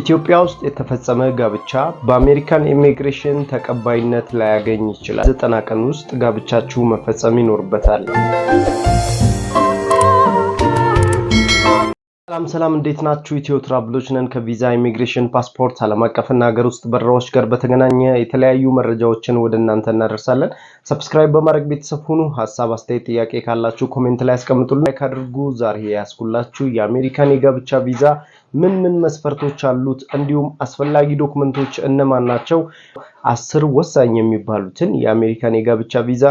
ኢትዮጵያ ውስጥ የተፈጸመ ጋብቻ በአሜሪካን ኢሚግሬሽን ተቀባይነት ላያገኝ ይችላል። ዘጠና ቀን ውስጥ ጋብቻችሁ መፈጸም ይኖርበታል። ሰላም ሰላም፣ እንዴት ናችሁ? ኢትዮ ትራቭሎች ነን ከቪዛ ኢሚግሬሽን፣ ፓስፖርት፣ ዓለም አቀፍና ሀገር ውስጥ በረራዎች ጋር በተገናኘ የተለያዩ መረጃዎችን ወደ እናንተ እናደርሳለን። ሰብስክራይብ በማድረግ ቤተሰብ ሁኑ። ሀሳብ፣ አስተያየት፣ ጥያቄ ካላችሁ ኮሜንት ላይ ያስቀምጡልን፣ ላይክ አድርጉ። ዛሬ ያስኩላችሁ የአሜሪካን የጋብቻ ቪዛ ምን ምን መስፈርቶች አሉት፣ እንዲሁም አስፈላጊ ዶክመንቶች እነማን ናቸው፣ አስር ወሳኝ የሚባሉትን የአሜሪካን የጋብቻ ቪዛ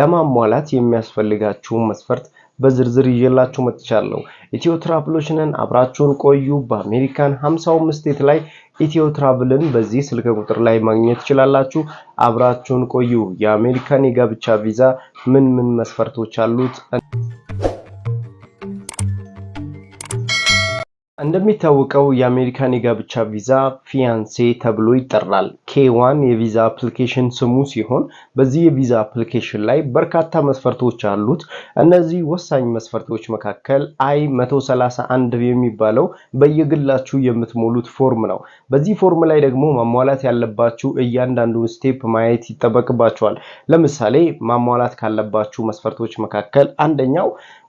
ለማሟላት የሚያስፈልጋችሁን መስፈርት በዝርዝር ይዤላችሁ መጥቻለሁ። ኢትዮ ትራቭሎች ነን፣ አብራችሁን ቆዩ። በአሜሪካን 55 ስቴት ላይ ኢትዮ ትራቭልን በዚህ ስልክ ቁጥር ላይ ማግኘት ትችላላችሁ። አብራችሁን ቆዩ። የአሜሪካን የጋብቻ ቪዛ ምን ምን መስፈርቶች አሉት? እንደሚታወቀው የአሜሪካን የጋብቻ ቪዛ ፊያንሴ ተብሎ ይጠራል። ኬዋን የቪዛ አፕሊኬሽን ስሙ ሲሆን በዚህ የቪዛ አፕሊኬሽን ላይ በርካታ መስፈርቶች አሉት። እነዚህ ወሳኝ መስፈርቶች መካከል አይ 131 የሚባለው በየግላችሁ የምትሞሉት ፎርም ነው። በዚህ ፎርም ላይ ደግሞ ማሟላት ያለባችሁ እያንዳንዱን ስቴፕ ማየት ይጠበቅባችኋል። ለምሳሌ ማሟላት ካለባችሁ መስፈርቶች መካከል አንደኛው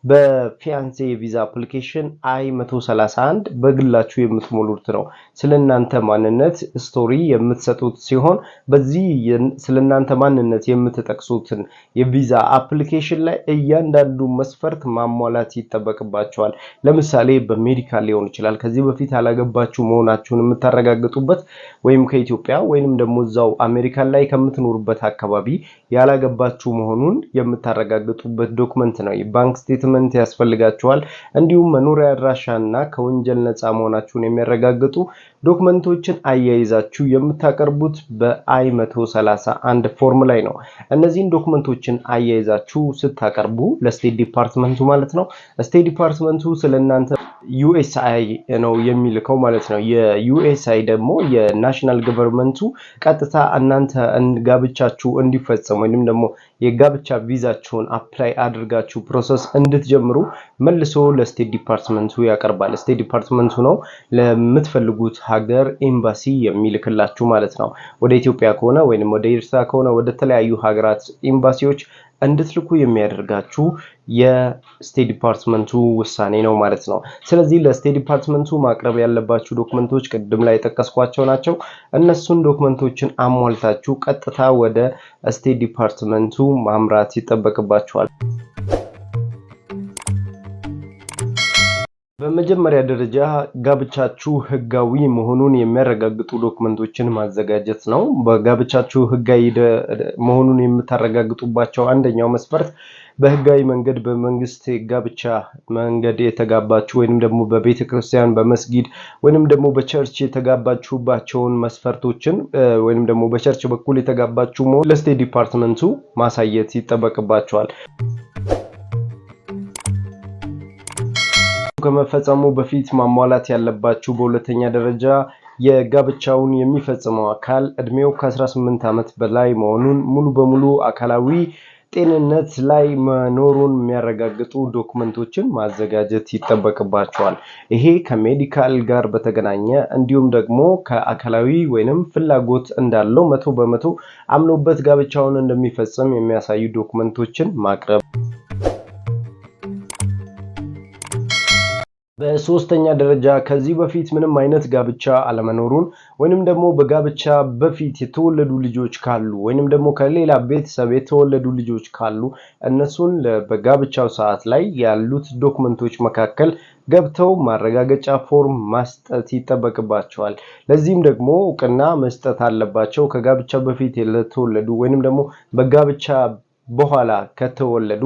በፊያንሴ የቪዛ አፕሊኬሽን አይ 131 በግላችሁ የምትሞሉት ነው። ስለ እናንተ ማንነት ስቶሪ የምትሰጡት ሲሆን በዚህ ስለእናንተ ማንነት የምትጠቅሱትን የቪዛ አፕሊኬሽን ላይ እያንዳንዱ መስፈርት ማሟላት ይጠበቅባቸዋል። ለምሳሌ በሜዲካል ሊሆን ይችላል። ከዚህ በፊት ያላገባችሁ መሆናችሁን የምታረጋግጡበት ወይም ከኢትዮጵያ ወይንም ደግሞ እዛው አሜሪካን ላይ ከምትኖሩበት አካባቢ ያላገባችሁ መሆኑን የምታረጋግጡበት ዶክመንት ነው። የባንክ ስቴት ዶክመንት ያስፈልጋችኋል። እንዲሁም መኖሪያ አድራሻና ከወንጀል ነፃ መሆናችሁን የሚያረጋግጡ ዶክመንቶችን አያይዛችሁ የምታቀርቡት በአይ 131 ፎርም ላይ ነው። እነዚህን ዶክመንቶችን አያይዛችሁ ስታቀርቡ ለስቴት ዲፓርትመንቱ ማለት ነው። ስቴት ዲፓርትመንቱ ስለ እናንተ ዩኤስአይ ነው የሚልከው ማለት ነው። የዩኤስአይ ደግሞ የናሽናል ገቨርንመንቱ ቀጥታ እናንተ ጋብቻችሁ እንዲፈጸም ወይም ደግሞ የጋብቻ ቪዛችሁን አፕላይ አድርጋችሁ ፕሮሰስ እንድትጀምሩ መልሶ ለስቴት ዲፓርትመንቱ ያቀርባል። ስቴት ዲፓርትመንቱ ነው ለምትፈልጉት ሀገር ኤምባሲ የሚልክላችሁ ማለት ነው። ወደ ኢትዮጵያ ከሆነ ወይም ወደ ኤርትራ ከሆነ ወደ ተለያዩ ሀገራት ኤምባሲዎች እንድትልኩ የሚያደርጋችሁ የስቴት ዲፓርትመንቱ ውሳኔ ነው ማለት ነው። ስለዚህ ለስቴት ዲፓርትመንቱ ማቅረብ ያለባችሁ ዶክመንቶች ቅድም ላይ የጠቀስኳቸው ናቸው። እነሱን ዶክመንቶችን አሟልታችሁ ቀጥታ ወደ ስቴት ዲፓርትመንቱ ማምራት ይጠበቅባቸዋል። በመጀመሪያ ደረጃ ጋብቻችሁ ህጋዊ መሆኑን የሚያረጋግጡ ዶክመንቶችን ማዘጋጀት ነው። በጋብቻችሁ ህጋዊ መሆኑን የምታረጋግጡባቸው አንደኛው መስፈርት በህጋዊ መንገድ በመንግስት ጋብቻ መንገድ የተጋባችሁ ወይንም ደግሞ በቤተ ክርስቲያን በመስጊድ ወይንም ደግሞ በቸርች የተጋባችሁባቸውን መስፈርቶችን ወይንም ደግሞ በቸርች በኩል የተጋባችሁ መሆን ለስቴት ዲፓርትመንቱ ማሳየት ይጠበቅባቸዋል። ከመፈጸሙ በፊት ማሟላት ያለባችሁ በሁለተኛ ደረጃ የጋብቻውን የሚፈጽመው አካል እድሜው ከ18 ዓመት በላይ መሆኑን ሙሉ በሙሉ አካላዊ ጤንነት ላይ መኖሩን የሚያረጋግጡ ዶክመንቶችን ማዘጋጀት ይጠበቅባቸዋል። ይሄ ከሜዲካል ጋር በተገናኘ እንዲሁም ደግሞ ከአካላዊ ወይንም ፍላጎት እንዳለው መቶ በመቶ አምኖበት ጋብቻውን እንደሚፈጽም የሚያሳዩ ዶክመንቶችን ማቅረብ በሶስተኛ ደረጃ ከዚህ በፊት ምንም አይነት ጋብቻ አለመኖሩን ወይንም ደግሞ በጋብቻ በፊት የተወለዱ ልጆች ካሉ ወይንም ደግሞ ከሌላ ቤተሰብ የተወለዱ ልጆች ካሉ እነሱን በጋብቻው ሰዓት ላይ ያሉት ዶክመንቶች መካከል ገብተው ማረጋገጫ ፎርም ማስጠት ይጠበቅባቸዋል። ለዚህም ደግሞ እውቅና መስጠት አለባቸው። ከጋብቻ በፊት ለተወለዱ ወይንም ደግሞ በጋብቻ በኋላ ከተወለዱ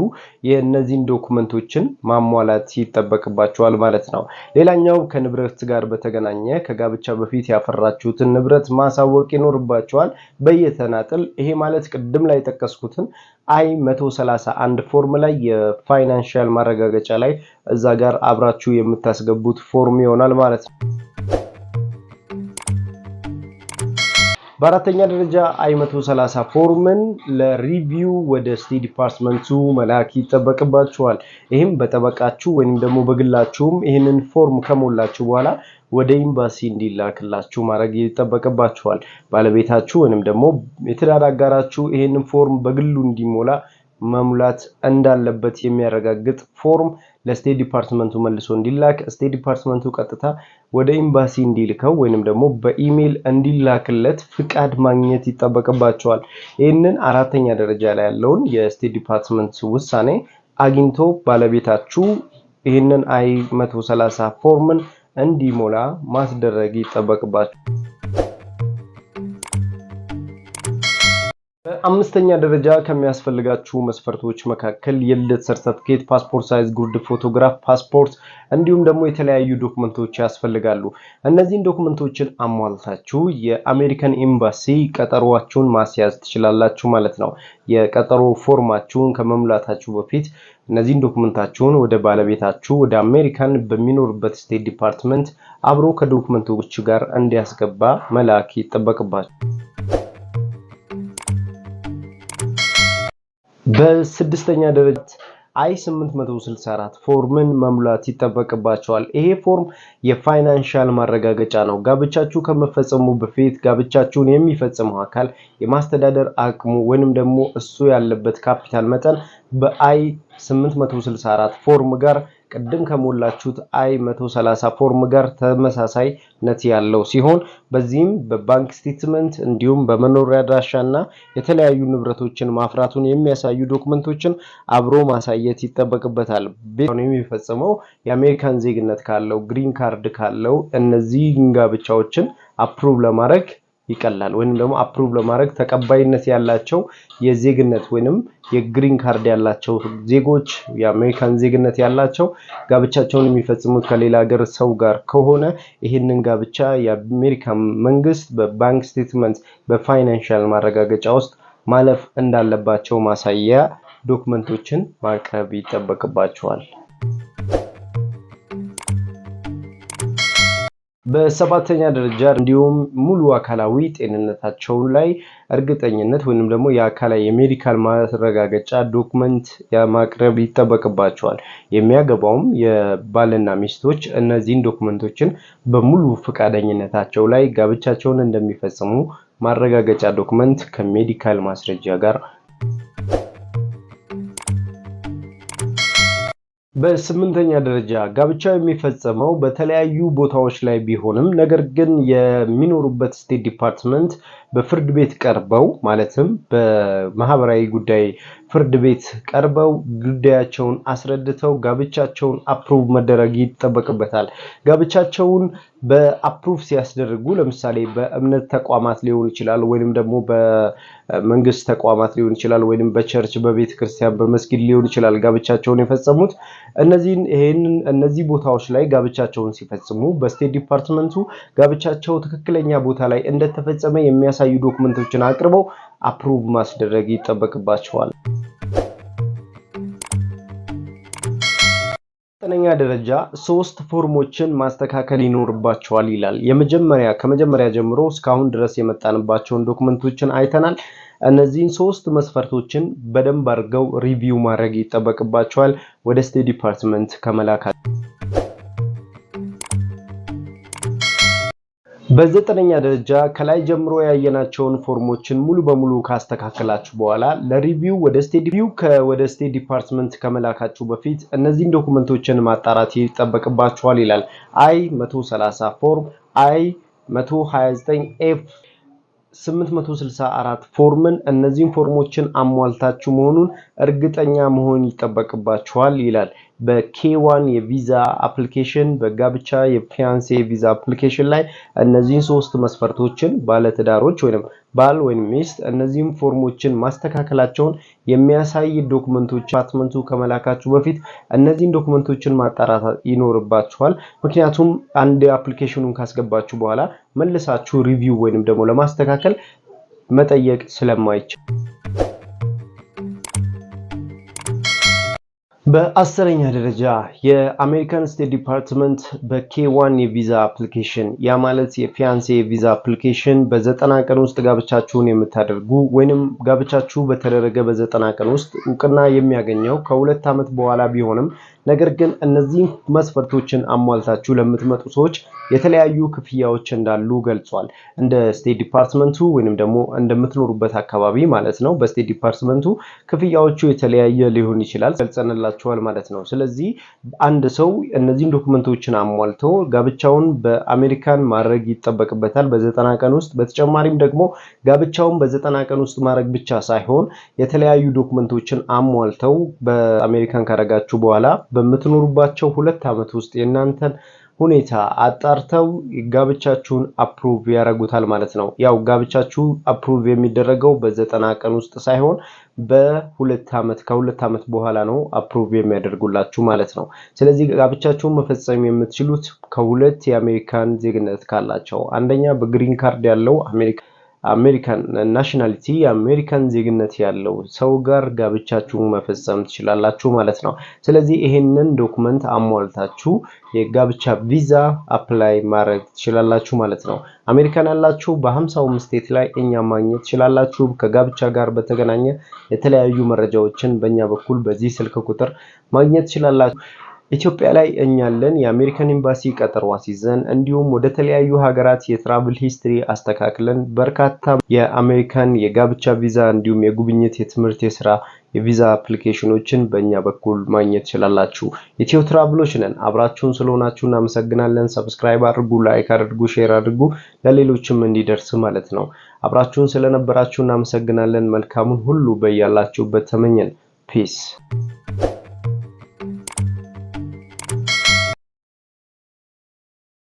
የእነዚህን ዶኩመንቶችን ማሟላት ይጠበቅባቸዋል ማለት ነው። ሌላኛው ከንብረት ጋር በተገናኘ ከጋብቻ በፊት ያፈራችሁትን ንብረት ማሳወቅ ይኖርባቸዋል በየተናጥል። ይሄ ማለት ቅድም ላይ የጠቀስኩትን አይ 131 ፎርም ላይ የፋይናንሻል ማረጋገጫ ላይ እዛ ጋር አብራችሁ የምታስገቡት ፎርም ይሆናል ማለት ነው። በአራተኛ ደረጃ አይ መቶ ሰላሳ ፎርምን ለሪቪው ወደ ስቴት ዲፓርትመንቱ መላክ ይጠበቅባችኋል። ይህም በጠበቃችሁ ወይም ደግሞ በግላችሁም ይህንን ፎርም ከሞላችሁ በኋላ ወደ ኤምባሲ እንዲላክላችሁ ማድረግ ይጠበቅባችኋል። ባለቤታችሁ ወይም ደግሞ የትዳር አጋራችሁ ይህንን ፎርም በግሉ እንዲሞላ መሙላት እንዳለበት የሚያረጋግጥ ፎርም ለስቴት ዲፓርትመንቱ መልሶ እንዲላክ ስቴት ዲፓርትመንቱ ቀጥታ ወደ ኤምባሲ እንዲልከው ወይንም ደግሞ በኢሜይል እንዲላክለት ፍቃድ ማግኘት ይጠበቅባቸዋል። ይህንን አራተኛ ደረጃ ላይ ያለውን የስቴት ዲፓርትመንት ውሳኔ አግኝቶ ባለቤታችሁ ይህንን አይ 30 ፎርምን እንዲሞላ ማስደረግ ይጠበቅባቸዋል። በአምስተኛ ደረጃ ከሚያስፈልጋችሁ መስፈርቶች መካከል የልደት ሰርተፍኬት፣ ፓስፖርት ሳይዝ ጉርድ ፎቶግራፍ፣ ፓስፖርት እንዲሁም ደግሞ የተለያዩ ዶክመንቶች ያስፈልጋሉ። እነዚህን ዶክመንቶችን አሟልታችሁ የአሜሪካን ኤምባሲ ቀጠሮዋችሁን ማስያዝ ትችላላችሁ ማለት ነው። የቀጠሮ ፎርማችሁን ከመሙላታችሁ በፊት እነዚህን ዶክመንታችሁን ወደ ባለቤታችሁ ወደ አሜሪካን በሚኖርበት ስቴት ዲፓርትመንት አብሮ ከዶክመንቶች ጋር እንዲያስገባ መላክ ይጠበቅባችሁ። በስድስተኛ ደረጃ አይ 864 ፎርምን መሙላት ይጠበቅባቸዋል። ይሄ ፎርም የፋይናንሻል ማረጋገጫ ነው። ጋብቻችሁ ከመፈጸሙ በፊት ጋብቻችሁን የሚፈጽመው አካል የማስተዳደር አቅሙ ወይንም ደግሞ እሱ ያለበት ካፒታል መጠን በአይ 864 ፎርም ጋር ቅድም ከሞላችሁት አይ 130 ፎርም ጋር ተመሳሳይነት ያለው ሲሆን በዚህም በባንክ ስቴትመንት እንዲሁም በመኖሪያ አድራሻ እና የተለያዩ ንብረቶችን ማፍራቱን የሚያሳዩ ዶክመንቶችን አብሮ ማሳየት ይጠበቅበታል። ቤት የሚፈጽመው የአሜሪካን ዜግነት ካለው ግሪን ካርድ ካለው እነዚህ ጋብቻዎችን አፕሩቭ ለማድረግ ይቀላል። ወይንም ደግሞ አፕሩቭ ለማድረግ ተቀባይነት ያላቸው የዜግነት ወይንም የግሪን ካርድ ያላቸው ዜጎች የአሜሪካን ዜግነት ያላቸው ጋብቻቸውን የሚፈጽሙት ከሌላ ሀገር ሰው ጋር ከሆነ ይህንን ጋብቻ የአሜሪካ መንግስት በባንክ ስቴትመንት በፋይናንሻል ማረጋገጫ ውስጥ ማለፍ እንዳለባቸው ማሳያ ዶክመንቶችን ማቅረብ ይጠበቅባቸዋል። በሰባተኛ ደረጃ እንዲሁም ሙሉ አካላዊ ጤንነታቸውን ላይ እርግጠኝነት ወይንም ደግሞ የአካላዊ የሜዲካል ማረጋገጫ ዶክመንት ማቅረብ ይጠበቅባቸዋል። የሚያገባውም የባልና ሚስቶች እነዚህን ዶክመንቶችን በሙሉ ፈቃደኝነታቸው ላይ ጋብቻቸውን እንደሚፈጽሙ ማረጋገጫ ዶክመንት ከሜዲካል ማስረጃ ጋር በስምንተኛ ደረጃ ጋብቻ የሚፈጸመው በተለያዩ ቦታዎች ላይ ቢሆንም ነገር ግን የሚኖሩበት ስቴት ዲፓርትመንት በፍርድ ቤት ቀርበው ማለትም በማህበራዊ ጉዳይ ፍርድ ቤት ቀርበው ጉዳያቸውን አስረድተው ጋብቻቸውን አፕሩቭ መደረግ ይጠበቅበታል። ጋብቻቸውን በአፕሩቭ ሲያስደርጉ ለምሳሌ በእምነት ተቋማት ሊሆን ይችላል፣ ወይንም ደግሞ በመንግስት ተቋማት ሊሆን ይችላል፣ ወይንም በቸርች በቤተ ክርስቲያን በመስጊድ ሊሆን ይችላል ጋብቻቸውን የፈጸሙት እነዚህን ይህንን እነዚህ ቦታዎች ላይ ጋብቻቸውን ሲፈጽሙ በስቴት ዲፓርትመንቱ ጋብቻቸው ትክክለኛ ቦታ ላይ እንደተፈጸመ የሚያሳ የሚያሳዩ ዶክመንቶችን አቅርበው አፕሩቭ ማስደረግ ይጠበቅባቸዋል። ዘጠነኛ ደረጃ ሶስት ፎርሞችን ማስተካከል ይኖርባቸዋል ይላል። የመጀመሪያ ከመጀመሪያ ጀምሮ እስካሁን ድረስ የመጣንባቸውን ዶክመንቶችን አይተናል። እነዚህን ሶስት መስፈርቶችን በደንብ አድርገው ሪቪው ማድረግ ይጠበቅባቸዋል ወደ ስቴት ዲፓርትመንት ከመላካል በዘጠነኛ ደረጃ ከላይ ጀምሮ ያየናቸውን ፎርሞችን ሙሉ በሙሉ ካስተካከላችሁ በኋላ ለሪቪው ወደ ስቴት ሪቪው ወደ ስቴት ዲፓርትመንት ከመላካችሁ በፊት እነዚህን ዶኩመንቶችን ማጣራት ይጠበቅባችኋል ይላል አይ 130 ፎርም አይ 129 ኤፍ 864 ፎርምን እነዚህን ፎርሞችን አሟልታችሁ መሆኑን እርግጠኛ መሆን ይጠበቅባችኋል ይላል። በኬዋን የቪዛ አፕሊኬሽን በጋብቻ የፊያንሴ የቪዛ አፕሊኬሽን ላይ እነዚህን ሶስት መስፈርቶችን ባለትዳሮች ወይም ባል ወይም ሚስት እነዚህም ፎርሞችን ማስተካከላቸውን የሚያሳይ ዶክመንቶች ፓትመንቱ ከመላካችሁ በፊት እነዚህን ዶክመንቶችን ማጣራት ይኖርባችኋል። ምክንያቱም አንድ አፕሊኬሽኑን ካስገባችሁ በኋላ መልሳችሁ ሪቪው ወይንም ደግሞ ለማስተካከል መጠየቅ ስለማይችል በአስረኛ ደረጃ የአሜሪካን ስቴት ዲፓርትመንት በኬ ዋን የቪዛ አፕሊኬሽን ያ ማለት የፊያንሴ የቪዛ አፕሊኬሽን በዘጠና ቀን ውስጥ ጋብቻችሁን የምታደርጉ ወይንም ጋብቻችሁ በተደረገ በዘጠና ቀን ውስጥ እውቅና የሚያገኘው ከሁለት ዓመት በኋላ ቢሆንም ነገር ግን እነዚህ መስፈርቶችን አሟልታችሁ ለምትመጡ ሰዎች የተለያዩ ክፍያዎች እንዳሉ ገልጿል። እንደ ስቴት ዲፓርትመንቱ ወይንም ደግሞ እንደምትኖሩበት አካባቢ ማለት ነው። በስቴት ዲፓርትመንቱ ክፍያዎቹ የተለያየ ሊሆን ይችላል ገልጸንላችሁ ይኖራቸዋል ማለት ነው። ስለዚህ አንድ ሰው እነዚህን ዶክመንቶችን አሟልቶ ጋብቻውን በአሜሪካን ማድረግ ይጠበቅበታል በዘጠና ቀን ውስጥ። በተጨማሪም ደግሞ ጋብቻውን በዘጠና ቀን ውስጥ ማድረግ ብቻ ሳይሆን የተለያዩ ዶክመንቶችን አሟልተው በአሜሪካን ካረጋችሁ በኋላ በምትኖሩባቸው ሁለት ዓመት ውስጥ የእናንተን ሁኔታ አጣርተው ጋብቻችሁን አፕሩቭ ያደርጉታል ማለት ነው። ያው ጋብቻችሁ አፕሩቭ የሚደረገው በዘጠና ቀን ውስጥ ሳይሆን በሁለት ዓመት ከሁለት ዓመት በኋላ ነው አፕሩቭ የሚያደርጉላችሁ ማለት ነው። ስለዚህ ጋብቻችሁን መፈጸም የምትችሉት ከሁለት የአሜሪካን ዜግነት ካላቸው አንደኛ በግሪን ካርድ ያለው አሜሪካ አሜሪካን ናሽናሊቲ የአሜሪካን ዜግነት ያለው ሰው ጋር ጋብቻችሁን መፈጸም ትችላላችሁ ማለት ነው። ስለዚህ ይሄንን ዶክመንት አሟልታችሁ የጋብቻ ቪዛ አፕላይ ማድረግ ትችላላችሁ ማለት ነው። አሜሪካን ያላችሁ በሀምሳውም ስቴት ላይ እኛ ማግኘት ትችላላችሁ። ከጋብቻ ጋር በተገናኘ የተለያዩ መረጃዎችን በእኛ በኩል በዚህ ስልክ ቁጥር ማግኘት ትችላላችሁ። ኢትዮጵያ ላይ እኛለን የአሜሪካን ኤምባሲ ቀጠሮ አስይዘን እንዲሁም ወደ ተለያዩ ሀገራት የትራቭል ሂስትሪ አስተካክለን በርካታ የአሜሪካን የጋብቻ ቪዛ እንዲሁም የጉብኝት፣ የትምህርት፣ የስራ የቪዛ አፕሊኬሽኖችን በእኛ በኩል ማግኘት ትችላላችሁ። ኢትዮ ትራቭሎች ነን። አብራችሁን ስለሆናችሁ እናመሰግናለን። ሰብስክራይብ አድርጉ፣ ላይክ አድርጉ፣ ሼር አድርጉ ለሌሎችም እንዲደርስ ማለት ነው። አብራችሁን ስለነበራችሁ እናመሰግናለን። መልካሙን ሁሉ በያላችሁበት ተመኘን። ፒስ